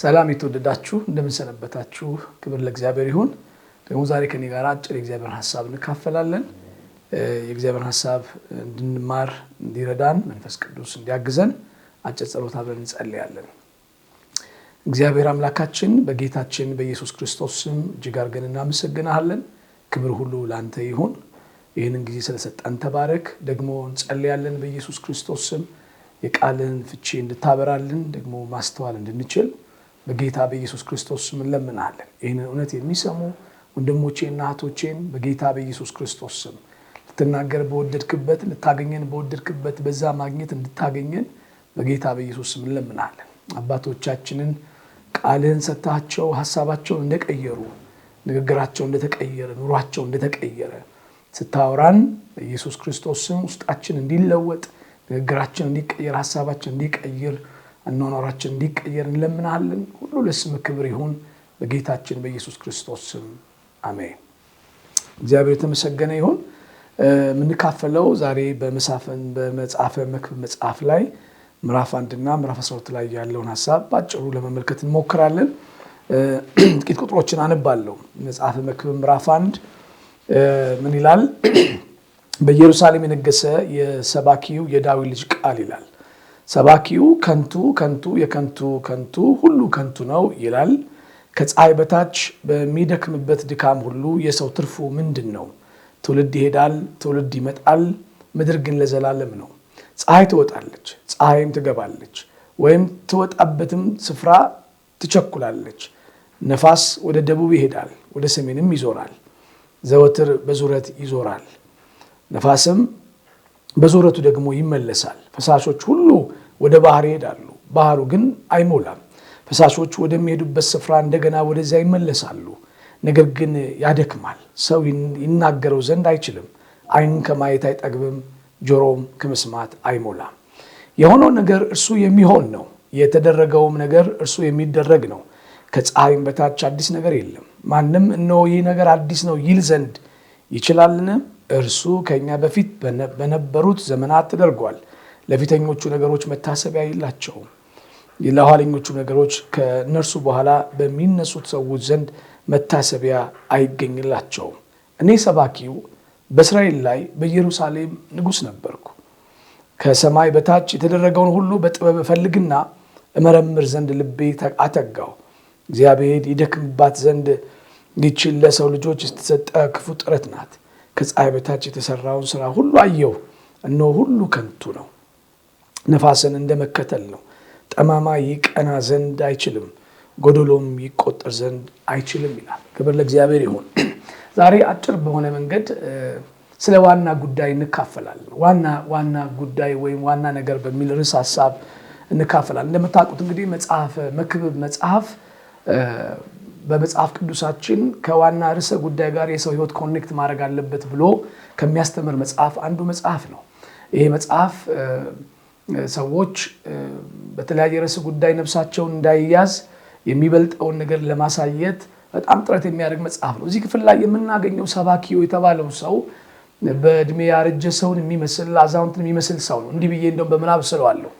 ሰላም የተወደዳችሁ እንደምንሰነበታችሁ፣ ክብር ለእግዚአብሔር ይሁን። ደግሞ ዛሬ ከኔ ጋር አጭር የእግዚአብሔርን ሀሳብ እንካፈላለን። የእግዚአብሔርን ሀሳብ እንድንማር እንዲረዳን መንፈስ ቅዱስ እንዲያግዘን አጭር ጸሎት አብረን እንጸልያለን። እግዚአብሔር አምላካችን በጌታችን በኢየሱስ ክርስቶስ ስም እጅግ አድርገን እናመሰግናሃለን። ክብር ሁሉ ለአንተ ይሁን። ይህንን ጊዜ ስለሰጠን ተባረክ። ደግሞ እንጸልያለን በኢየሱስ ክርስቶስ ስም የቃልን ፍቺ እንድታበራልን ደግሞ ማስተዋል እንድንችል በጌታ በኢየሱስ ክርስቶስ ስም እንለምናለን። ይህንን እውነት የሚሰሙ ወንድሞቼና እህቶቼን በጌታ በኢየሱስ ክርስቶስ ስም ልትናገር በወደድክበት ልታገኘን በወደድክበት በዛ ማግኘት እንድታገኘን በጌታ በኢየሱስ ስም እንለምናለን። አባቶቻችንን ቃልህን ሰታቸው ሀሳባቸውን እንደቀየሩ ንግግራቸው እንደተቀየረ ኑሯቸው እንደተቀየረ ስታወራን በኢየሱስ ክርስቶስ ስም ውስጣችን እንዲለወጥ ንግግራችን እንዲቀየር ሀሳባችን እንዲቀይር አኗኗራችን እንዲቀየር እንለምናለን። ሁሉ ለስም ክብር ይሁን በጌታችን በኢየሱስ ክርስቶስ ስም አሜን። እግዚአብሔር የተመሰገነ ይሁን። የምንካፈለው ዛሬ በመሳፈን በመጽሐፈ መክብብ መጽሐፍ ላይ ምራፍ አንድና ምራፍ 12 ላይ ያለውን ሀሳብ በአጭሩ ለመመልከት እንሞክራለን። ጥቂት ቁጥሮችን አንባለው መጽሐፈ መክብብ ምራፍ አንድ ምን ይላል? በኢየሩሳሌም የነገሰ የሰባኪው የዳዊ ልጅ ቃል ይላል ሰባኪው ከንቱ ከንቱ የከንቱ ከንቱ ሁሉ ከንቱ ነው ይላል። ከፀሐይ በታች በሚደክምበት ድካም ሁሉ የሰው ትርፉ ምንድን ነው? ትውልድ ይሄዳል፣ ትውልድ ይመጣል፣ ምድር ግን ለዘላለም ነው። ፀሐይ ትወጣለች፣ ፀሐይም ትገባለች፣ ወይም ትወጣበትም ስፍራ ትቸኩላለች። ነፋስ ወደ ደቡብ ይሄዳል፣ ወደ ሰሜንም ይዞራል፣ ዘወትር በዙረት ይዞራል። ነፋስም በዙረቱ ደግሞ ይመለሳል። ፈሳሾች ሁሉ ወደ ባህር ይሄዳሉ፣ ባህሩ ግን አይሞላም። ፈሳሾች ወደሚሄዱበት ስፍራ እንደገና ወደዚያ ይመለሳሉ፣ ነገር ግን ያደክማል። ሰው ይናገረው ዘንድ አይችልም። አይን ከማየት አይጠግብም፣ ጆሮም ከመስማት አይሞላም። የሆነው ነገር እርሱ የሚሆን ነው፣ የተደረገውም ነገር እርሱ የሚደረግ ነው። ከፀሐይም በታች አዲስ ነገር የለም። ማንም እነ ይህ ነገር አዲስ ነው ይል ዘንድ ይችላልን? እርሱ ከእኛ በፊት በነበሩት ዘመናት ተደርጓል። ለፊተኞቹ ነገሮች መታሰቢያ የላቸውም። ለኋለኞቹ ነገሮች ከእነርሱ በኋላ በሚነሱት ሰዎች ዘንድ መታሰቢያ አይገኝላቸውም። እኔ ሰባኪው በእስራኤል ላይ በኢየሩሳሌም ንጉሥ ነበርኩ። ከሰማይ በታች የተደረገውን ሁሉ በጥበብ እፈልግና እመረምር ዘንድ ልቤ አተጋው። እግዚአብሔር ይደክምባት ዘንድ ይችን ለሰው ልጆች የተሰጠ ክፉ ጥረት ናት። ከፀሐይ በታች የተሰራውን ስራ ሁሉ አየሁ፣ እነሆ ሁሉ ከንቱ ነው። ነፋስን እንደመከተል ነው። ጠማማ ይቀና ዘንድ አይችልም፣ ጎደሎም ይቆጠር ዘንድ አይችልም ይላል። ክብር ለእግዚአብሔር ይሁን። ዛሬ አጭር በሆነ መንገድ ስለ ዋና ጉዳይ እንካፈላለን። ዋና ዋና ጉዳይ ወይም ዋና ነገር በሚል ርዕስ ሀሳብ እንካፈላለን። እንደምታውቁት እንግዲህ መጽሐፈ መክብብ መጽሐፍ በመጽሐፍ ቅዱሳችን ከዋና ርዕሰ ጉዳይ ጋር የሰው ሕይወት ኮኔክት ማድረግ አለበት ብሎ ከሚያስተምር መጽሐፍ አንዱ መጽሐፍ ነው። ይሄ መጽሐፍ ሰዎች በተለያየ ርዕስ ጉዳይ ነፍሳቸውን እንዳይያዝ የሚበልጠውን ነገር ለማሳየት በጣም ጥረት የሚያደርግ መጽሐፍ ነው። እዚህ ክፍል ላይ የምናገኘው ሰባኪዮ የተባለው ሰው በእድሜ ያረጀ ሰውን የሚመስል አዛውንትን የሚመስል ሰው ነው። እንዲህ ብዬ እንደውም በምናብ ስለዋለሁ።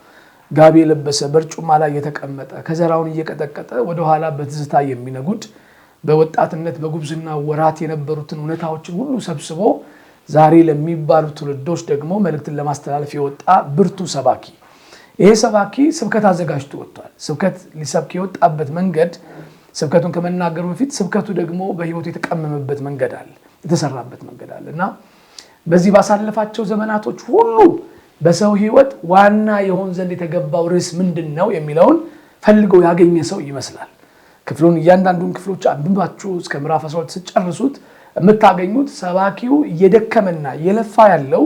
ጋቢ የለበሰ በርጩማ ላይ የተቀመጠ ከዘራውን እየቀጠቀጠ ወደኋላ በትዝታ የሚነጉድ በወጣትነት በጉብዝና ወራት የነበሩትን እውነታዎችን ሁሉ ሰብስቦ ዛሬ ለሚባሉ ትውልዶች ደግሞ መልእክትን ለማስተላለፍ የወጣ ብርቱ ሰባኪ። ይሄ ሰባኪ ስብከት አዘጋጅቶ ወጥቷል። ስብከት ሊሰብክ የወጣበት መንገድ ስብከቱን ከመናገሩ በፊት ስብከቱ ደግሞ በህይወቱ የተቀመመበት መንገድ አለ፣ የተሰራበት መንገድ አለ እና በዚህ ባሳለፋቸው ዘመናቶች ሁሉ በሰው ህይወት ዋና የሆን ዘንድ የተገባው ርዕስ ምንድን ነው የሚለውን ፈልገው ያገኘ ሰው ይመስላል። ክፍሉን እያንዳንዱን ክፍሎች አንብባችሁ እስከ ምዕራፍ 12 ስጨርሱት የምታገኙት ሰባኪው እየደከመና እየለፋ ያለው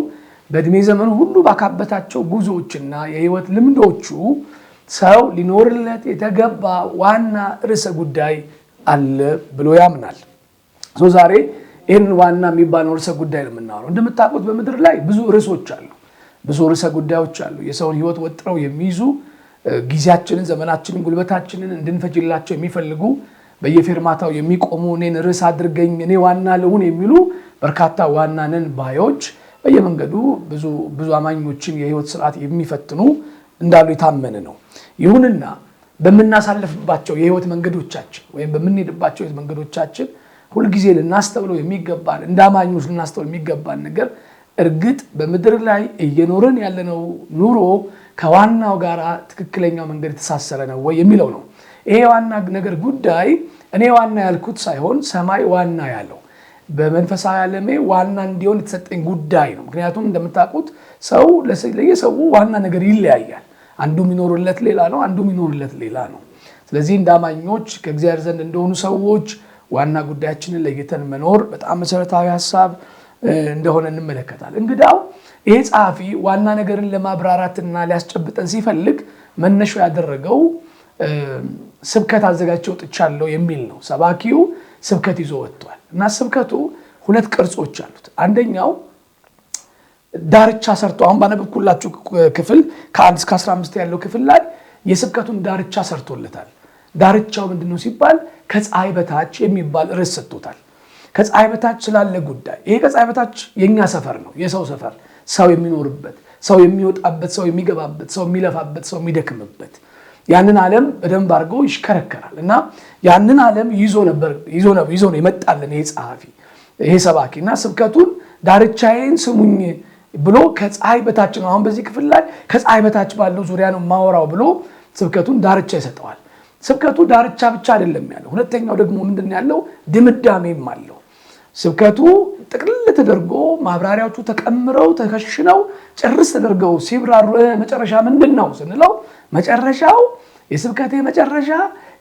በእድሜ ዘመኑ ሁሉ ባካበታቸው ጉዞዎችና የህይወት ልምዶቹ ሰው ሊኖርለት የተገባ ዋና ርዕሰ ጉዳይ አለ ብሎ ያምናል። ዛሬ ይህን ዋና የሚባለው ርዕሰ ጉዳይ ነው የምናወረው እንደምታውቁት በምድር ላይ ብዙ ርዕሶች አሉ፣ ብዙ ርዕሰ ጉዳዮች አሉ። የሰውን ህይወት ወጥረው የሚይዙ ጊዜያችንን፣ ዘመናችንን፣ ጉልበታችንን እንድንፈጅላቸው የሚፈልጉ በየፌርማታው የሚቆሙ እኔን ርዕስ አድርገኝ እኔ ዋና ልሁን የሚሉ በርካታ ዋና ነን ባዮች በየመንገዱ ብዙ ብዙ አማኞችን የህይወት ስርዓት የሚፈትኑ እንዳሉ የታመነ ነው። ይሁንና በምናሳልፍባቸው የህይወት መንገዶቻችን ወይም በምንሄድባቸው የህይወት መንገዶቻችን ሁልጊዜ ልናስተውለው የሚገባን እንደ አማኞች ልናስተውለው የሚገባን ነገር እርግጥ በምድር ላይ እየኖርን ያለነው ኑሮ ከዋናው ጋር ትክክለኛው መንገድ የተሳሰረ ነው ወይ የሚለው ነው። ይሄ ዋና ነገር ጉዳይ እኔ ዋና ያልኩት ሳይሆን ሰማይ ዋና ያለው በመንፈሳዊ ዓለሜ ዋና እንዲሆን የተሰጠኝ ጉዳይ ነው። ምክንያቱም እንደምታውቁት ሰው ለየሰው ዋና ነገር ይለያያል። አንዱ የሚኖርለት ሌላ ነው፣ አንዱ የሚኖርለት ሌላ ነው። ስለዚህ እንደ አማኞች ከእግዚአብሔር ዘንድ እንደሆኑ ሰዎች ዋና ጉዳያችንን ለይተን መኖር በጣም መሰረታዊ ሀሳብ እንደሆነ እንመለከታል። እንግዳው ይሄ ጸሐፊ ዋና ነገርን ለማብራራትና ሊያስጨብጠን ሲፈልግ መነሻው ያደረገው ስብከት አዘጋጅቼ ወጥቻለሁ የሚል ነው። ሰባኪው ስብከት ይዞ ወጥቷል እና ስብከቱ ሁለት ቅርጾች አሉት። አንደኛው ዳርቻ ሰርቶ አሁን ባነበብኩላችሁ ክፍል ከአንድ እስከ 15 ያለው ክፍል ላይ የስብከቱን ዳርቻ ሰርቶለታል። ዳርቻው ምንድን ነው ሲባል ከፀሐይ በታች የሚባል ርዕስ ሰጥቶታል። ከፀሐይ በታች ስላለ ጉዳይ ይሄ ከፀሐይ በታች የእኛ ሰፈር ነው፣ የሰው ሰፈር፣ ሰው የሚኖርበት፣ ሰው የሚወጣበት፣ ሰው የሚገባበት፣ ሰው የሚለፋበት፣ ሰው የሚደክምበት ያንን ዓለም በደንብ አድርጎ ይሽከረከራል እና ያንን ዓለም ይዞ ነበር ይዞ ነው የመጣልን ይሄ ጸሐፊ ይሄ ሰባኪ እና ስብከቱን ዳርቻዬን ስሙኝ ብሎ ከፀሐይ በታች ነው አሁን በዚህ ክፍል ላይ ከፀሐይ በታች ባለው ዙሪያ ነው ማወራው ብሎ ስብከቱን ዳርቻ ይሰጠዋል። ስብከቱ ዳርቻ ብቻ አይደለም ያለው፣ ሁለተኛው ደግሞ ምንድን ያለው ድምዳሜም አለው። ስብከቱ ጥቅልል ተደርጎ ማብራሪያዎቹ ተቀምረው ተከሽነው ጭርስ ተደርገው ሲብራሩ መጨረሻ ምንድን ነው ስንለው መጨረሻው የስብከቴ መጨረሻ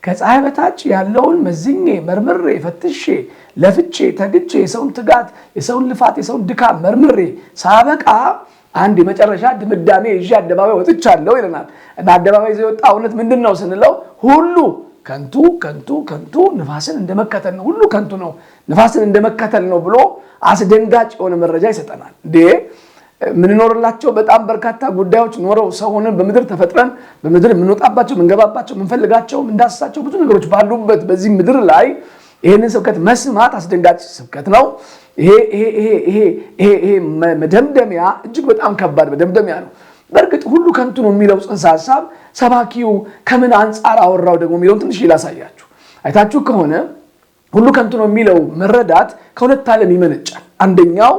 ከፀሐይ በታች ያለውን መዝኜ መርምሬ ፈትሼ ለፍቼ ተግቼ የሰውን ትጋት የሰውን ልፋት የሰውን ድካም መርምሬ ሳበቃ አንድ የመጨረሻ ድምዳሜ ይዤ አደባባይ ወጥቻለሁ ይለናል እና አደባባይ የወጣ እውነት ምንድን ነው ስንለው ሁሉ ከንቱ ከንቱ ከንቱ ንፋስን እንደመከተል ነው፣ ሁሉ ከንቱ ነው፣ ንፋስን እንደመከተል ነው ብሎ አስደንጋጭ የሆነ መረጃ ይሰጠናል። እንዴ ምንኖርላቸው በጣም በርካታ ጉዳዮች ኖረው ሰው ሆነን በምድር ተፈጥረን በምድር የምንወጣባቸው የምንገባባቸው የምንፈልጋቸው የምንዳስሳቸው ብዙ ነገሮች ባሉበት በዚህ ምድር ላይ ይህንን ስብከት መስማት አስደንጋጭ ስብከት ነው። ይሄ መደምደሚያ እጅግ በጣም ከባድ መደምደሚያ ነው። በእርግጥ ሁሉ ከንቱ ነው የሚለው ጽንሰ ሀሳብ ሰባኪው ከምን አንጻር አወራው ደግሞ የሚለውን ትንሽ ላሳያችሁ። አይታችሁ ከሆነ ሁሉ ከንቱ ነው የሚለው መረዳት ከሁለት ዓለም ይመነጫል። አንደኛው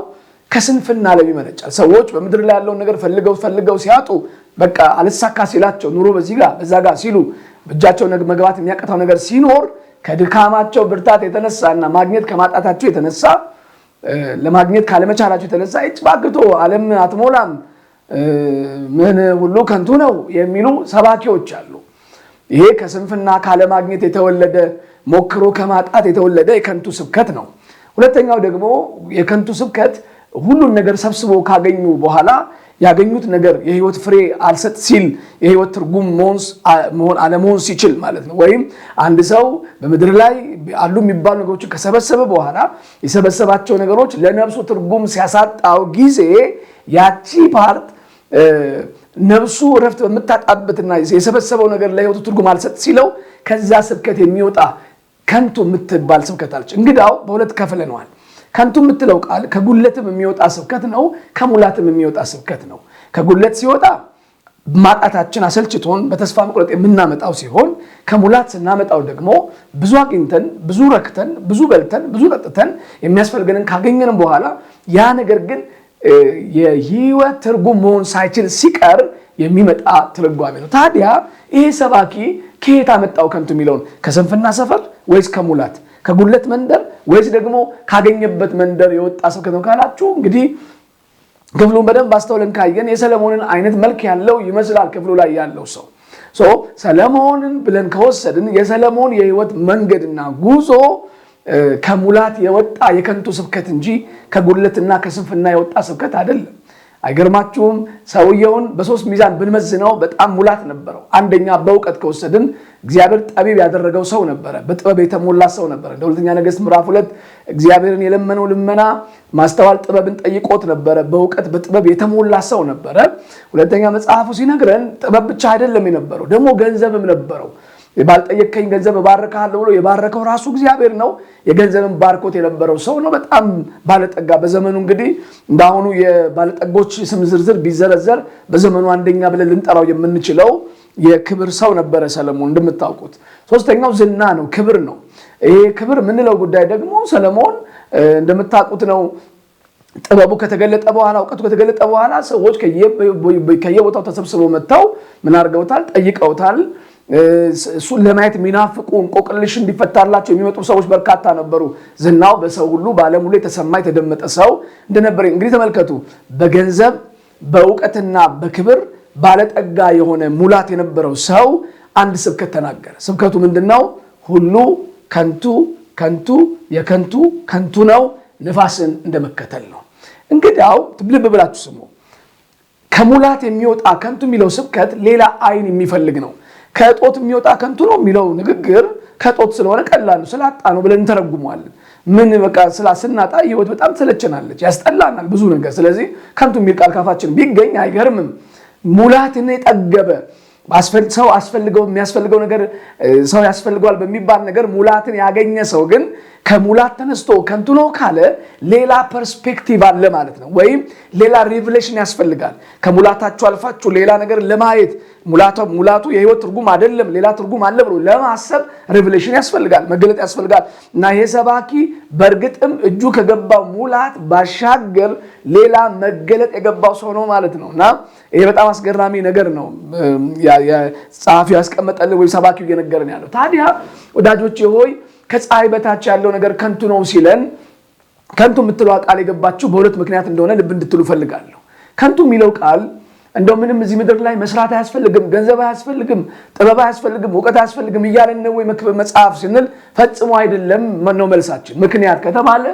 ከስንፍና ዓለም ይመነጫል። ሰዎች በምድር ላይ ያለውን ነገር ፈልገው ፈልገው ሲያጡ በቃ አልሳካ ሲላቸው ኑሮ በዚህ ጋር በዛ ጋር ሲሉ በእጃቸው መግባት የሚያቀታው ነገር ሲኖር ከድካማቸው ብርታት የተነሳ እና ማግኘት ከማጣታቸው የተነሳ ለማግኘት ካለመቻላቸው የተነሳ ጭ ባግቶ ዓለም አትሞላም ምን ሁሉ ከንቱ ነው የሚሉ ሰባኪዎች አሉ። ይሄ ከስንፍና ካለማግኘት የተወለደ ሞክሮ ከማጣት የተወለደ የከንቱ ስብከት ነው። ሁለተኛው ደግሞ የከንቱ ስብከት ሁሉን ነገር ሰብስቦ ካገኙ በኋላ ያገኙት ነገር የህይወት ፍሬ አልሰጥ ሲል የህይወት ትርጉም መሆን አለመሆን ሲችል ማለት ነው። ወይም አንድ ሰው በምድር ላይ አሉ የሚባሉ ነገሮችን ከሰበሰበ በኋላ የሰበሰባቸው ነገሮች ለነፍሱ ትርጉም ሲያሳጣው ጊዜ ያቺ ፓርት ነብሱ ረፍት በምታጣበትና የሰበሰበው ነገር ለህይወቱ ትርጉም አልሰጥ ሲለው ከዛ ስብከት የሚወጣ ከንቱ የምትባል ስብከት አለች። እንግዳው በሁለት ከፍለነዋል። ከንቱ የምትለው ቃል ከጉለትም የሚወጣ ስብከት ነው፣ ከሙላትም የሚወጣ ስብከት ነው። ከጉለት ሲወጣ ማጣታችን አሰልችቶን በተስፋ መቁረጥ የምናመጣው ሲሆን ከሙላት ስናመጣው ደግሞ ብዙ አግኝተን ብዙ ረክተን ብዙ በልተን ብዙ ጠጥተን የሚያስፈልገንን ካገኘንም በኋላ ያ ነገር ግን የህይወት ትርጉም መሆን ሳይችል ሲቀር የሚመጣ ትርጓሜ ነው። ታዲያ ይሄ ሰባኪ ከየት አመጣው ከንቱ የሚለውን ከስንፍና ሰፈር ወይስ ከሙላት ከጉለት መንደር ወይስ ደግሞ ካገኘበት መንደር የወጣ ሰው ከነው ካላችሁ እንግዲህ ክፍሉን በደንብ አስተውለን ካየን የሰለሞንን አይነት መልክ ያለው ይመስላል ክፍሉ ላይ ያለው ሰው ሰለሞንን ብለን ከወሰድን የሰለሞን የህይወት መንገድና ጉዞ ከሙላት የወጣ የከንቱ ስብከት እንጂ ከጉልትና ከስንፍና የወጣ ስብከት አይደለም። አይገርማችሁም? ሰውየውን በሶስት ሚዛን ብንመዝነው በጣም ሙላት ነበረው። አንደኛ በእውቀት ከወሰድን እግዚአብሔር ጠቢብ ያደረገው ሰው ነበረ፣ በጥበብ የተሞላ ሰው ነበረ። እንደ ሁለተኛ ነገሥት ምዕራፍ ሁለት እግዚአብሔርን የለመነው ልመና ማስተዋል ጥበብን ጠይቆት ነበረ። በእውቀት በጥበብ የተሞላ ሰው ነበረ። ሁለተኛ መጽሐፉ ሲነግረን ጥበብ ብቻ አይደለም የነበረው፣ ደግሞ ገንዘብም ነበረው። ባልጠየከኝ ገንዘብ እባርካለሁ ብሎ የባረከው ራሱ እግዚአብሔር ነው። የገንዘብን ባርኮት የነበረው ሰው ነው። በጣም ባለጠጋ በዘመኑ እንግዲህ እንደአሁኑ የባለጠጎች ስም ዝርዝር ቢዘረዘር በዘመኑ አንደኛ ብለን ልንጠራው የምንችለው የክብር ሰው ነበረ ሰለሞን እንደምታውቁት። ሶስተኛው ዝና ነው፣ ክብር ነው። ይሄ ክብር የምንለው ጉዳይ ደግሞ ሰለሞን እንደምታውቁት ነው። ጥበቡ ከተገለጠ በኋላ እውቀቱ ከተገለጠ በኋላ ሰዎች ከየቦታው ተሰብስበው መጥተው ምን አድርገውታል? ጠይቀውታል እሱን ለማየት የሚናፍቁ እንቆቅልሽ እንዲፈታላቸው የሚመጡ ሰዎች በርካታ ነበሩ። ዝናው በሰው ሁሉ በዓለም ሁሉ የተሰማ የተደመጠ ሰው እንደነበር እንግዲህ ተመልከቱ። በገንዘብ በእውቀትና በክብር ባለጠጋ የሆነ ሙላት የነበረው ሰው አንድ ስብከት ተናገረ። ስብከቱ ምንድን ነው? ሁሉ ከንቱ ከንቱ የከንቱ ከንቱ ነው፣ ንፋስን እንደመከተል ነው። እንግዲያው ልብ ብላችሁ ስሙ። ከሙላት የሚወጣ ከንቱ የሚለው ስብከት ሌላ አይን የሚፈልግ ነው። ከጦት የሚወጣ ከንቱ ነው የሚለው ንግግር ከጦት ስለሆነ ነው፣ ስላጣ ነው ብለን እንተረጉመዋለን። ምን በቃ ስላ ስናጣ ህይወት በጣም ትሰለችናለች፣ ያስጠላናል ብዙ ነገር። ስለዚህ ከንቱ የሚል ቃል ካፋችን ቢገኝ አይገርምም። ሙላትን የጠገበ ሰው አስፈልገው የሚያስፈልገው ነገር ሰው ያስፈልገዋል በሚባል ነገር ሙላትን ያገኘ ሰው ግን ከሙላት ተነስቶ ከንቱ ነው ካለ ሌላ ፐርስፔክቲቭ አለ ማለት ነው። ወይም ሌላ ሪቪሌሽን ያስፈልጋል። ከሙላታችሁ አልፋችሁ ሌላ ነገር ለማየት ሙላቱ የህይወት ትርጉም አይደለም፣ ሌላ ትርጉም አለ ብሎ ለማሰብ ሪቪሌሽን ያስፈልጋል፣ መገለጥ ያስፈልጋል እና ይሄ ሰባኪ በእርግጥም እጁ ከገባው ሙላት ባሻገር ሌላ መገለጥ የገባው ሰው ነው ማለት ነው። እና ይሄ በጣም አስገራሚ ነገር ነው። ጸሐፊ ያስቀመጠልን ወይም ሰባኪው እየነገረን ያለው ታዲያ ወዳጆቼ ሆይ ከፀሐይ በታች ያለው ነገር ከንቱ ነው ሲለን ከንቱ የምትለዋ ቃል የገባችው በሁለት ምክንያት እንደሆነ ልብ እንድትሉ እፈልጋለሁ። ከንቱ የሚለው ቃል እንደው ምንም እዚህ ምድር ላይ መስራት አያስፈልግም፣ ገንዘብ አያስፈልግም፣ ጥበብ አያስፈልግም፣ እውቀት አያስፈልግም እያለን ነው ወይ መጽሐፍ ስንል ፈጽሞ አይደለም ነው መልሳችን። ምክንያት ከተባለ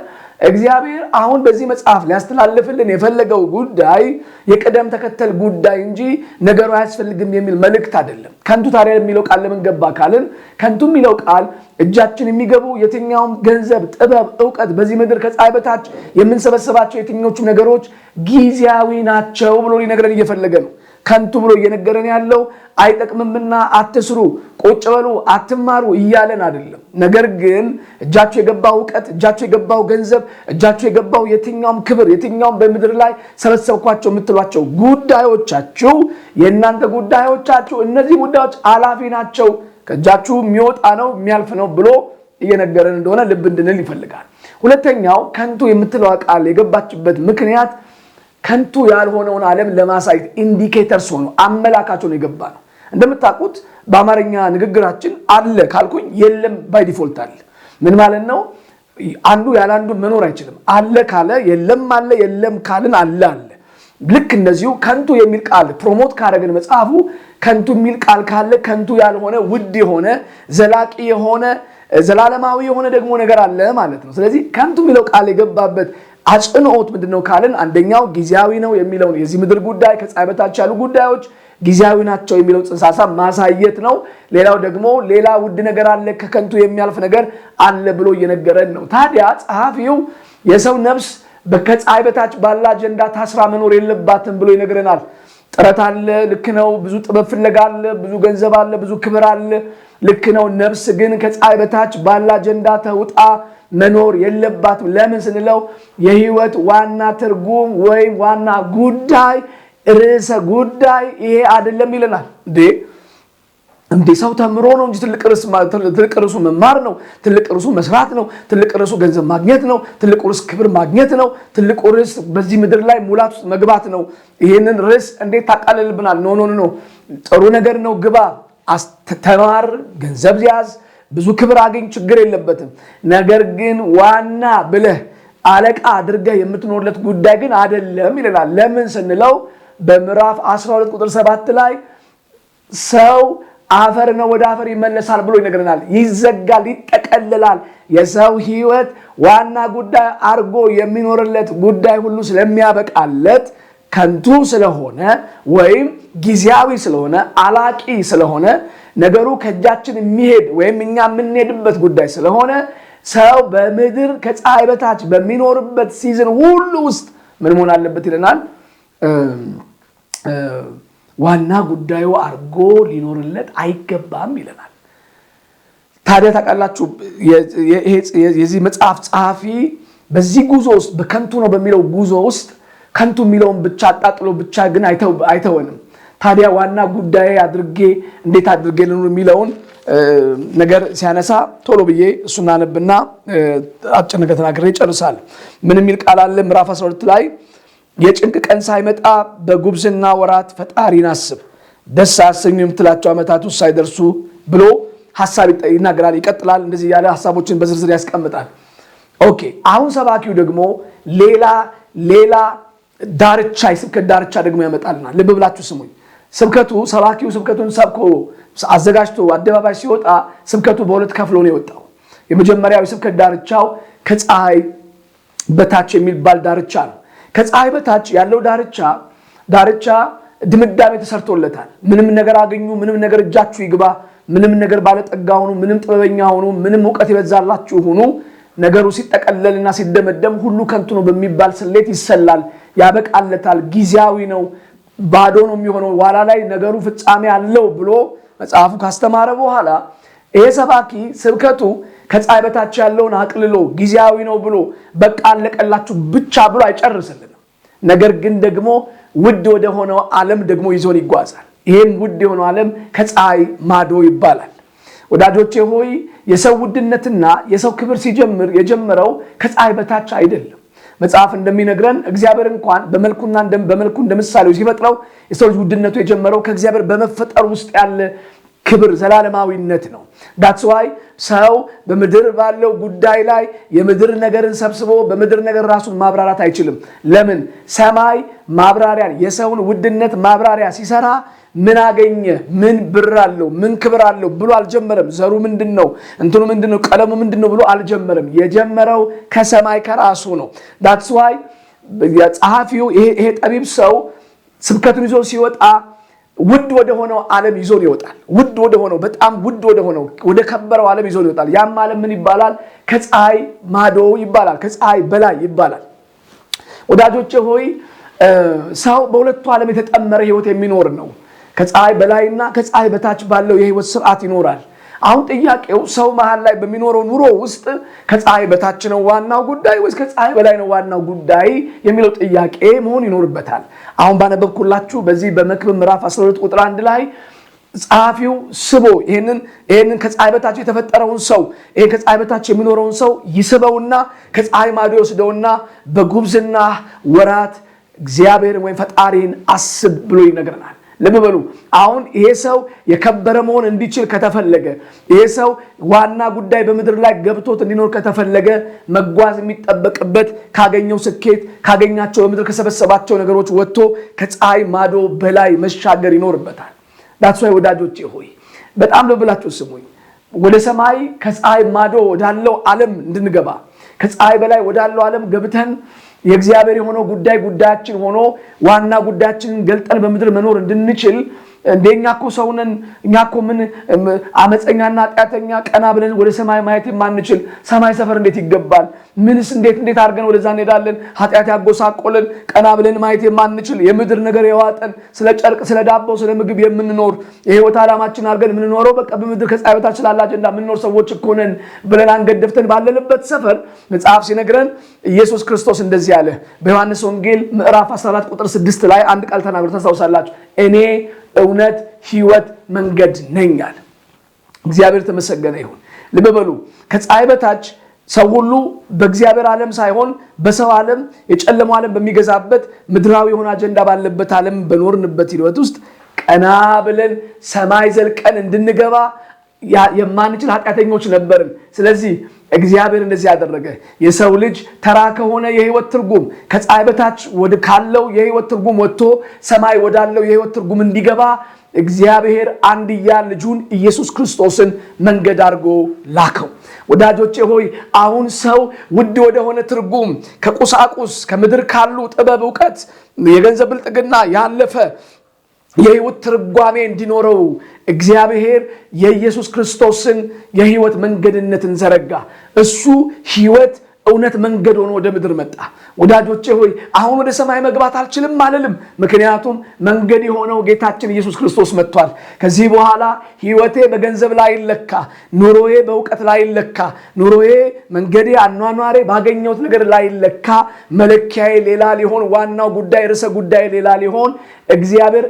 እግዚአብሔር አሁን በዚህ መጽሐፍ ሊያስተላልፍልን የፈለገው ጉዳይ የቅደም ተከተል ጉዳይ እንጂ ነገሩ አያስፈልግም የሚል መልእክት አይደለም። ከንቱ ታዲያ የሚለው ቃል ለምን ገባ ካልን ከንቱ የሚለው ቃል እጃችን የሚገቡ የትኛውም ገንዘብ፣ ጥበብ፣ እውቀት በዚህ ምድር ከፀሐይ በታች የምንሰበሰባቸው የትኞቹ ነገሮች ጊዜያዊ ናቸው ብሎ ሊነግረን እየፈለገ ነው። ከንቱ ብሎ እየነገረን ያለው አይጠቅምምና አትስሩ፣ ቁጭ በሉ፣ አትማሩ እያለን አይደለም። ነገር ግን እጃችሁ የገባው እውቀት፣ እጃችሁ የገባው ገንዘብ፣ እጃችሁ የገባው የትኛውም ክብር፣ የትኛውም በምድር ላይ ሰበሰብኳቸው የምትሏቸው ጉዳዮቻችሁ፣ የእናንተ ጉዳዮቻችሁ፣ እነዚህ ጉዳዮች አላፊ ናቸው፣ ከእጃችሁ የሚወጣ ነው የሚያልፍ ነው ብሎ እየነገረን እንደሆነ ልብ እንድንል ይፈልጋል። ሁለተኛው ከንቱ የምትለዋ ቃል የገባችበት ምክንያት ከንቱ ያልሆነውን ዓለም ለማሳየት ኢንዲኬተርስ ሆኖ አመላካች ሆኖ የገባ ነው። እንደምታውቁት በአማርኛ ንግግራችን አለ ካልኩኝ የለም ባይ ዲፎልት አለ። ምን ማለት ነው? አንዱ ያለ አንዱ መኖር አይችልም። አለ ካለ የለም አለ፣ የለም ካልን አለ አለ። ልክ እንደዚሁ ከንቱ የሚል ቃል ፕሮሞት ካደረግን መጽሐፉ ከንቱ የሚል ቃል ካለ ከንቱ ያልሆነ ውድ የሆነ ዘላቂ የሆነ ዘላለማዊ የሆነ ደግሞ ነገር አለ ማለት ነው። ስለዚህ ከንቱ የሚለው ቃል የገባበት አጽንኦት ምንድን ነው ካልን አንደኛው ጊዜያዊ ነው የሚለውን የዚህ ምድር ጉዳይ ከፀሐይ በታች ያሉ ጉዳዮች ጊዜያዊ ናቸው የሚለው ጽንሰ ማሳየት ነው። ሌላው ደግሞ ሌላ ውድ ነገር አለ፣ ከከንቱ የሚያልፍ ነገር አለ ብሎ እየነገረን ነው። ታዲያ ጸሐፊው የሰው ነፍስ ከፀሐይ በታች ባለ አጀንዳ ታስራ መኖር የለባትም ብሎ ይነግረናል። ጥረት አለ፣ ልክ ነው። ብዙ ጥበብ ፍለጋ አለ፣ ብዙ ገንዘብ አለ፣ ብዙ ክብር አለ፣ ልክ ነው። ነፍስ ግን ከፀሐይ በታች ባለ አጀንዳ ተውጣ መኖር የለባትም። ለምን ስንለው የህይወት ዋና ትርጉም ወይም ዋና ጉዳይ ርዕሰ ጉዳይ ይሄ አይደለም ይለናል። እንዴ እንዴ ሰው ተምሮ ነው እንጂ ትልቅ ርዕሱ መማር ነው። ትልቅ ርዕሱ መስራት ነው። ትልቅ ርዕሱ ገንዘብ ማግኘት ነው። ትልቅ ርዕስ ክብር ማግኘት ነው። ትልቁ ርዕስ በዚህ ምድር ላይ ሙላት ውስጥ መግባት ነው። ይህንን ርዕስ እንዴት ታቃለልብናል? ኖ ኖ ኖ ጥሩ ነገር ነው። ግባ፣ ተማር፣ ገንዘብ ያዝ ብዙ ክብር አገኝ፣ ችግር የለበትም። ነገር ግን ዋና ብለህ አለቃ አድርገህ የምትኖርለት ጉዳይ ግን አደለም ይለናል። ለምን ስንለው በምዕራፍ 12 ቁጥር 7 ላይ ሰው አፈር ነው፣ ወደ አፈር ይመለሳል ብሎ ይነግረናል። ይዘጋል፣ ይጠቀልላል። የሰው ሕይወት ዋና ጉዳይ አድርጎ የሚኖርለት ጉዳይ ሁሉ ስለሚያበቃለት ከንቱ ስለሆነ ወይም ጊዜያዊ ስለሆነ አላቂ ስለሆነ ነገሩ ከእጃችን የሚሄድ ወይም እኛ የምንሄድበት ጉዳይ ስለሆነ ሰው በምድር ከፀሐይ በታች በሚኖርበት ሲዝን ሁሉ ውስጥ ምን መሆን አለበት ይለናል። ዋና ጉዳዩ አድርጎ ሊኖርለት አይገባም ይለናል። ታዲያ ታውቃላችሁ የዚህ መጽሐፍ ጸሐፊ በዚህ ጉዞ ውስጥ በከንቱ ነው በሚለው ጉዞ ውስጥ ከንቱ የሚለውን ብቻ አጣጥሎ ብቻ ግን አይተወንም። ታዲያ ዋና ጉዳይ አድርጌ እንዴት አድርጌ ልኑር የሚለውን ነገር ሲያነሳ ቶሎ ብዬ እሱን አነብና አጭር ነገር ተናግሬ ይጨርሳል። ምን የሚል ቃል አለ? ምዕራፍ 12 ላይ የጭንቅ ቀን ሳይመጣ በጉብዝና ወራት ፈጣሪን አስብ፣ ደስ አያሰኙ የምትላቸው ዓመታት ውስጥ ሳይደርሱ ብሎ ሀሳብ ይናገራል። ይቀጥላል። እንደዚህ ያለ ሀሳቦችን በዝርዝር ያስቀምጣል። ኦኬ። አሁን ሰባኪው ደግሞ ሌላ ሌላ ዳርቻ የስብከት ዳርቻ ደግሞ ያመጣልና ልብ ብላችሁ ስሙኝ። ስብከቱ ሰባኪው ስብከቱን ሰብኮ አዘጋጅቶ አደባባይ ሲወጣ ስብከቱ በሁለት ከፍሎ ነው የወጣው። የመጀመሪያው ስብከት ዳርቻው ከፀሐይ በታች የሚባል ዳርቻ ነው። ከፀሐይ በታች ያለው ዳርቻ ዳርቻ ድምዳሜ ተሰርቶለታል። ምንም ነገር አገኙ፣ ምንም ነገር እጃችሁ ይግባ፣ ምንም ነገር ባለጠጋ ሆኑ ምንም ጥበበኛ ሆኑ ምንም እውቀት የበዛላችሁ ሆኑ ነገሩ ሲጠቀለልና ሲደመደም ሁሉ ከንቱ ነው በሚባል ስሌት ይሰላል፣ ያበቃለታል፣ ጊዜያዊ ነው ባዶ ነው የሚሆነው፣ ኋላ ላይ ነገሩ ፍጻሜ አለው ብሎ መጽሐፉ ካስተማረ በኋላ ይሄ ሰባኪ ስብከቱ ከፀሐይ በታች ያለውን አቅልሎ ጊዜያዊ ነው ብሎ በቃ አለቀላችሁ ብቻ ብሎ አይጨርስልንም። ነገር ግን ደግሞ ውድ ወደሆነው ዓለም ደግሞ ይዞን ይጓዛል። ይህም ውድ የሆነው ዓለም ከፀሐይ ማዶ ይባላል። ወዳጆቼ ሆይ የሰው ውድነትና የሰው ክብር ሲጀምር የጀመረው ከፀሐይ በታች አይደለም። መጽሐፍ እንደሚነግረን እግዚአብሔር እንኳን በመልኩና በመልኩ እንደ ምሳሌው ሲፈጥረው የሰው ልጅ ውድነቱ የጀመረው ከእግዚአብሔር በመፈጠሩ ውስጥ ያለ ክብር ዘላለማዊነት ነው። ዳትስ ዋይ ሰው በምድር ባለው ጉዳይ ላይ የምድር ነገርን ሰብስቦ በምድር ነገር ራሱን ማብራራት አይችልም። ለምን? ሰማይ ማብራሪያን የሰውን ውድነት ማብራሪያ ሲሰራ ምን አገኘ፣ ምን ብር አለው፣ ምን ክብር አለው ብሎ አልጀመረም። ዘሩ ምንድን ነው፣ እንትኑ ምንድን ነው፣ ቀለሙ ምንድን ነው ብሎ አልጀመረም። የጀመረው ከሰማይ ከራሱ ነው። ዳትስ ዋይ ጸሐፊው ይሄ ጠቢብ ሰው ስብከቱን ይዞ ሲወጣ ውድ ወደ ሆነው ዓለም ይዞን ይወጣል። ውድ ወደ ሆነው በጣም ውድ ወደ ሆነው ወደ ከበረው ዓለም ይዞን ይወጣል። ያም ዓለም ምን ይባላል? ከፀሐይ ማዶ ይባላል። ከፀሐይ በላይ ይባላል። ወዳጆቼ ሆይ ሰው በሁለቱ ዓለም የተጠመረ ህይወት የሚኖር ነው። ከፀሐይ በላይና ከፀሐይ በታች ባለው የህይወት ስርዓት ይኖራል። አሁን ጥያቄው ሰው መሀል ላይ በሚኖረው ኑሮ ውስጥ ከፀሐይ በታች ነው ዋናው ጉዳይ ወይስ ከፀሐይ በላይ ነው ዋናው ጉዳይ የሚለው ጥያቄ መሆን ይኖርበታል። አሁን ባነበብኩላችሁ በዚህ በመክብብ ምዕራፍ 12 ቁጥር አንድ ላይ ጸሐፊው ስቦ ይህንን ይህንን ከፀሐይ በታች የተፈጠረውን ሰው ይህን ከፀሐይ በታች የሚኖረውን ሰው ይስበውና ከፀሐይ ማዶ ይወስደውና በጉብዝና ወራት እግዚአብሔርን ወይም ፈጣሪን አስብ ብሎ ይነግረናል። ልብ በሉ። አሁን ይሄ ሰው የከበረ መሆን እንዲችል ከተፈለገ፣ ይሄ ሰው ዋና ጉዳይ በምድር ላይ ገብቶት እንዲኖር ከተፈለገ መጓዝ የሚጠበቅበት ካገኘው ስኬት ካገኛቸው በምድር ከሰበሰባቸው ነገሮች ወጥቶ ከፀሐይ ማዶ በላይ መሻገር ይኖርበታል። ዳትሷ ወዳጆቼ ሆይ በጣም ልብ ብላችሁ ስሙኝ። ወደ ሰማይ ከፀሐይ ማዶ ወዳለው ዓለም እንድንገባ ከፀሐይ በላይ ወዳለው ዓለም ገብተን የእግዚአብሔር የሆነው ጉዳይ ጉዳያችን ሆኖ ዋና ጉዳያችንን ገልጠን በምድር መኖር እንድንችል እንደ እኛ እኮ ሰውነን እኛ እኮ ምን አመፀኛና ኃጢአተኛ ቀና ብለን ወደ ሰማይ ማየት የማንችል ሰማይ ሰፈር እንዴት ይገባል? ምንስ እንዴት እንዴት አድርገን ወደዛ እንሄዳለን? ኃጢአት ያጎሳቆለን ቀና ብለን ማየት የማንችል የምድር ነገር የዋጠን ስለ ጨርቅ፣ ስለ ዳቦ፣ ስለ ምግብ የምንኖር የህይወት ዓላማችን አድርገን የምንኖረው በቃ በምድር ከፀሐይ በታች ላለ አጀንዳ የምንኖር ሰዎች እኮ ነን ብለን አንገደፍተን ባለንበት ሰፈር መጽሐፍ ሲነግረን ኢየሱስ ክርስቶስ እንደዚህ አለ በዮሐንስ ወንጌል ምዕራፍ 14 ቁጥር 6 ላይ አንድ ቃል ተናግሮ ታስታውሳላችሁ እኔ እውነት፣ ህይወት መንገድ ነኛል። እግዚአብሔር ተመሰገነ ይሁን። ልብ በሉ ከፀሐይ በታች ሰው ሁሉ በእግዚአብሔር ዓለም ሳይሆን በሰው ዓለም የጨለመው ዓለም በሚገዛበት ምድራዊ የሆነ አጀንዳ ባለበት ዓለም በኖርንበት ሕይወት ውስጥ ቀና ብለን ሰማይ ዘልቀን እንድንገባ የማንችል ኃጢአተኞች ነበርን። ስለዚህ እግዚአብሔር እንደዚህ ያደረገ የሰው ልጅ ተራ ከሆነ የህይወት ትርጉም ከፀሐይ በታች ካለው የህይወት ትርጉም ወጥቶ ሰማይ ወዳለው የህይወት ትርጉም እንዲገባ እግዚአብሔር አንድያ ልጁን ኢየሱስ ክርስቶስን መንገድ አድርጎ ላከው። ወዳጆቼ ሆይ አሁን ሰው ውድ ወደሆነ ትርጉም ከቁሳቁስ ከምድር ካሉ ጥበብ፣ እውቀት፣ የገንዘብ ብልጥግና ያለፈ የህይወት ትርጓሜ እንዲኖረው እግዚአብሔር የኢየሱስ ክርስቶስን የህይወት መንገድነትን ዘረጋ። እሱ ህይወት እውነት መንገድ ሆኖ ወደ ምድር መጣ። ወዳጆቼ ሆይ አሁን ወደ ሰማይ መግባት አልችልም አልልም፣ ምክንያቱም መንገድ የሆነው ጌታችን ኢየሱስ ክርስቶስ መጥቷል። ከዚህ በኋላ ሕይወቴ በገንዘብ ላይ ይለካ፣ ኑሮዬ በእውቀት ላይ ይለካ፣ ኑሮዬ፣ መንገዴ፣ አኗኗሬ ባገኘሁት ነገር ላይ ይለካ፣ መለኪያዬ ሌላ ሊሆን፣ ዋናው ጉዳይ ርዕሰ ጉዳይ ሌላ ሊሆን እግዚአብሔር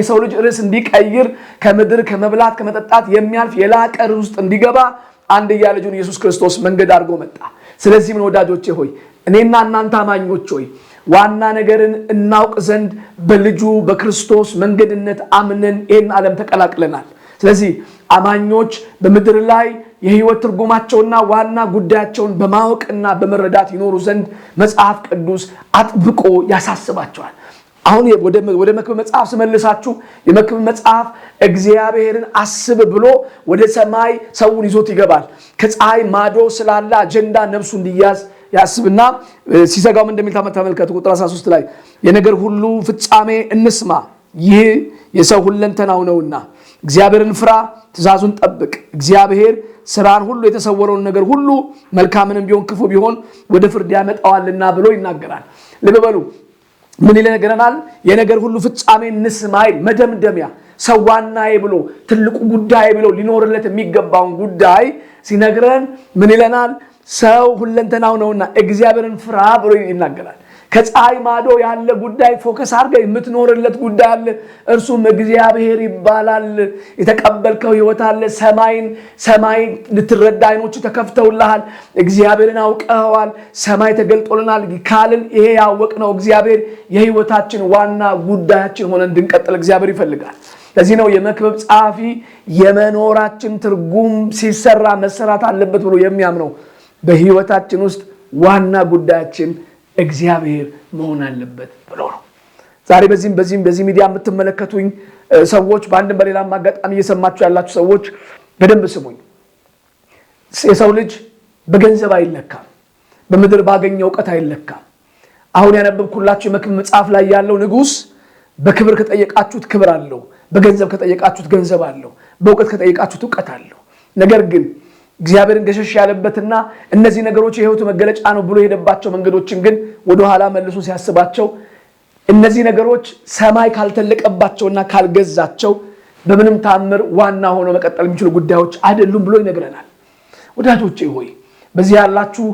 የሰው ልጅ ርዕስ እንዲቀይር ከምድር ከመብላት ከመጠጣት የሚያልፍ የላቀ ርዕስ ውስጥ እንዲገባ አንድያ ልጁን ኢየሱስ ክርስቶስ መንገድ አድርጎ መጣ። ምን ወዳጆቼ ሆይ እኔና እናንተ አማኞች ሆይ ዋና ነገርን እናውቅ ዘንድ በልጁ በክርስቶስ መንገድነት አምነን ይህን ዓለም ተቀላቅለናል። ስለዚህ አማኞች በምድር ላይ የህይወት ትርጉማቸውና ዋና ጉዳያቸውን በማወቅና በመረዳት ይኖሩ ዘንድ መጽሐፍ ቅዱስ አጥብቆ ያሳስባቸዋል። አሁን ወደ መክብብ መጽሐፍ ስመልሳችሁ የመክብብ መጽሐፍ እግዚአብሔርን አስብ ብሎ ወደ ሰማይ ሰውን ይዞት ይገባል። ከፀሐይ ማዶ ስላለ አጀንዳ ነብሱ እንዲያዝ ያስብና ሲሰጋውም እንደሚል ተመልከቱ። ቁጥር 13 ላይ የነገር ሁሉ ፍጻሜ እንስማ፣ ይህ የሰው ሁለንተናው ነውና እግዚአብሔርን ፍራ፣ ትእዛዙን ጠብቅ። እግዚአብሔር ስራን ሁሉ የተሰወረውን ነገር ሁሉ መልካምንም ቢሆን ክፉ ቢሆን ወደ ፍርድ ያመጣዋልና ብሎ ይናገራል። ልብ በሉ ምን ይለነገረናል? የነገር ሁሉ ፍጻሜ እንስማ፣ መደምደሚያ ሰው ዋናዬ ብሎ ትልቁ ጉዳይ ብሎ ሊኖርለት የሚገባውን ጉዳይ ሲነግረን ምን ይለናል? ሰው ሁለንተናው ነውና እግዚአብሔርን ፍራ ብሎ ይናገራል። ከፀሐይ ማዶ ያለ ጉዳይ ፎከስ አድርገህ የምትኖርለት ጉዳይ አለ። እርሱም እግዚአብሔር ይባላል። የተቀበልከው ህይወት አለ። ሰማይን ሰማይን ልትረዳ አይኖቹ ተከፍተውልሃል። እግዚአብሔርን አውቀኸዋል። ሰማይ ተገልጦልናል ካልን ይሄ ያወቅነው እግዚአብሔር የህይወታችን ዋና ጉዳያችን ሆነ እንድንቀጥል እግዚአብሔር ይፈልጋል። ለዚህ ነው የመክብብ ጸሐፊ የመኖራችን ትርጉም ሲሰራ መሰራት አለበት ብሎ የሚያምነው። በህይወታችን ውስጥ ዋና ጉዳያችን እግዚአብሔር መሆን አለበት ብሎ ነው። ዛሬ በዚህም በዚህም በዚህ ሚዲያ የምትመለከቱኝ ሰዎች በአንድም በሌላም አጋጣሚ እየሰማችሁ ያላችሁ ሰዎች በደንብ ስሙኝ። የሰው ልጅ በገንዘብ አይለካም፣ በምድር ባገኘ እውቀት አይለካም። አሁን ያነበብኩላችሁ የመክብብ መጽሐፍ ላይ ያለው ንጉስ በክብር ከጠየቃችሁት ክብር አለው። በገንዘብ ከጠየቃችሁት ገንዘብ አለው። በእውቀት ከጠየቃችሁት እውቀት አለው። ነገር ግን እግዚአብሔርን ገሸሽ ያለበትና እነዚህ ነገሮች የህይወቱ መገለጫ ነው ብሎ የሄደባቸው መንገዶችን ግን ወደኋላ መልሶ ሲያስባቸው እነዚህ ነገሮች ሰማይ ካልተለቀባቸውና ካልገዛቸው በምንም ታምር ዋና ሆኖ መቀጠል የሚችሉ ጉዳዮች አይደሉም ብሎ ይነግረናል። ወዳጆቼ ሆይ በዚህ ያላችሁ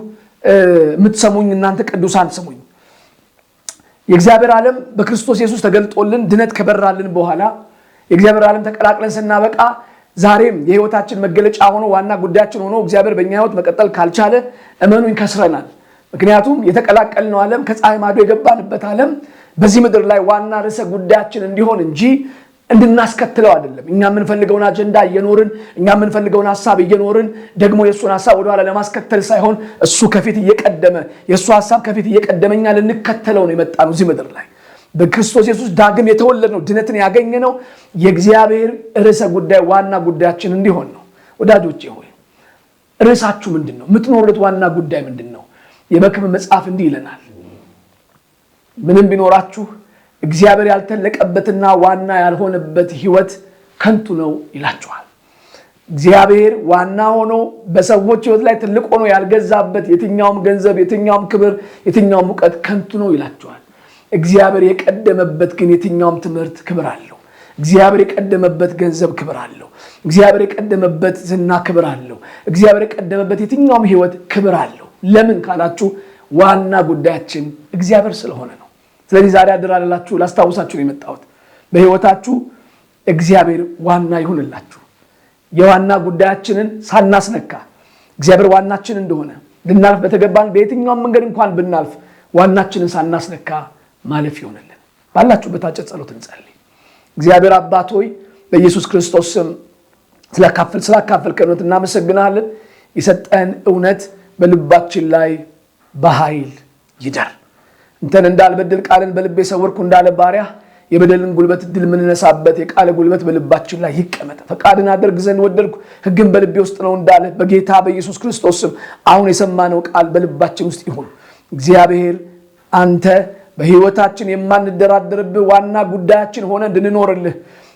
የምትሰሙኝ እናንተ ቅዱሳን ስሙኝ። የእግዚአብሔር ዓለም በክርስቶስ ኢየሱስ ተገልጦልን ድነት ከበራልን በኋላ የእግዚአብሔር ዓለም ተቀላቅለን ስናበቃ ዛሬም የህይወታችን መገለጫ ሆኖ ዋና ጉዳያችን ሆኖ እግዚአብሔር በእኛ ህይወት መቀጠል ካልቻለ እመኑኝ ከስረናል። ምክንያቱም የተቀላቀልነው ዓለም ከፀሐይ ማዶ የገባንበት ዓለም በዚህ ምድር ላይ ዋና ርዕሰ ጉዳያችን እንዲሆን እንጂ እንድናስከትለው አይደለም። እኛ የምንፈልገውን አጀንዳ እየኖርን እኛ የምንፈልገውን ሀሳብ እየኖርን ደግሞ የእሱን ሀሳብ ወደኋላ ለማስከተል ሳይሆን እሱ ከፊት እየቀደመ የእሱ ሀሳብ ከፊት እየቀደመ እኛ ልንከተለው ነው የመጣ ነው እዚህ ምድር ላይ በክርስቶስ ኢየሱስ ዳግም የተወለድ ነው ድነትን ያገኘ ነው የእግዚአብሔር ርዕሰ ጉዳይ ዋና ጉዳያችን እንዲሆን ነው። ወዳጆች ሆይ ርዕሳችሁ ምንድን ነው? የምትኖሩት ዋና ጉዳይ ምንድን ነው? የመክብብ መጽሐፍ እንዲህ ይለናል፣ ምንም ቢኖራችሁ እግዚአብሔር ያልተለቀበትና ዋና ያልሆነበት ህይወት ከንቱ ነው ይላቸዋል። እግዚአብሔር ዋና ሆኖ በሰዎች ህይወት ላይ ትልቅ ሆኖ ያልገዛበት የትኛውም ገንዘብ፣ የትኛውም ክብር፣ የትኛውም እውቀት ከንቱ ነው ይላቸዋል። እግዚአብሔር የቀደመበት ግን የትኛውም ትምህርት ክብር አለው። እግዚአብሔር የቀደመበት ገንዘብ ክብር አለው። እግዚአብሔር የቀደመበት ዝና ክብር አለው። እግዚአብሔር የቀደመበት የትኛውም ህይወት ክብር አለው። ለምን ካላችሁ ዋና ጉዳያችን እግዚአብሔር ስለሆነ ነው። ስለዚህ ዛሬ አደራ ላላችሁ ላስታውሳችሁ ነው የመጣሁት። በህይወታችሁ እግዚአብሔር ዋና ይሁንላችሁ። የዋና ጉዳያችንን ሳናስነካ እግዚአብሔር ዋናችን እንደሆነ ልናልፍ በተገባን በየትኛውም መንገድ እንኳን ብናልፍ ዋናችንን ሳናስነካ ማለፍ ይሆንልን። ባላችሁበት አጭር ጸሎት እንጸልይ። እግዚአብሔር አባት ሆይ በኢየሱስ ክርስቶስ ስም ስላካፍል እውነት እናመሰግናለን። የሰጠን እውነት በልባችን ላይ በኃይል ይደር። እንተን እንዳልበድል ቃልን በልቤ ሰወርኩ እንዳለ ባሪያ የበደልን ጉልበት ድል የምንነሳበት የቃል ጉልበት በልባችን ላይ ይቀመጥ። ፈቃድን አደርግ ዘንድ ወደድኩ ሕግን በልቤ ውስጥ ነው እንዳለ በጌታ በኢየሱስ ክርስቶስ ስም አሁን የሰማነው ቃል በልባችን ውስጥ ይሁን። እግዚአብሔር አንተ በሕይወታችን የማንደራደርብህ ዋና ጉዳያችን ሆነ እንድንኖርልህ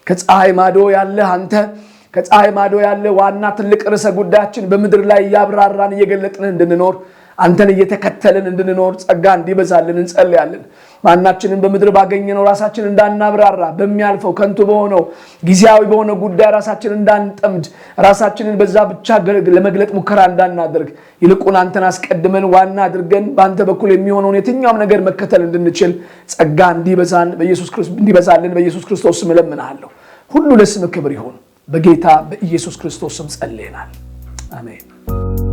ከፀሐይ ማዶ ያለህ አንተ ከፀሐይ ማዶ ያለ ዋና ትልቅ ርዕሰ ጉዳያችን በምድር ላይ እያብራራን እየገለጥንህ እንድንኖር አንተን እየተከተልን እንድንኖር ጸጋ እንዲበዛልን እንጸልያለን። ማናችንን በምድር ባገኘነው ራሳችን እንዳናብራራ በሚያልፈው ከንቱ በሆነው ጊዜያዊ በሆነ ጉዳይ ራሳችን እንዳንጠምድ ራሳችንን በዛ ብቻ ለመግለጥ ሙከራ እንዳናደርግ ይልቁን አንተን አስቀድመን ዋና አድርገን በአንተ በኩል የሚሆነውን የትኛውም ነገር መከተል እንድንችል ጸጋ እንዲበዛልን በኢየሱስ ክርስቶስ ስም ሁሉ ለስም ክብር ይሁን። በጌታ በኢየሱስ ክርስቶስ ስም ጸልየናል። አሜን።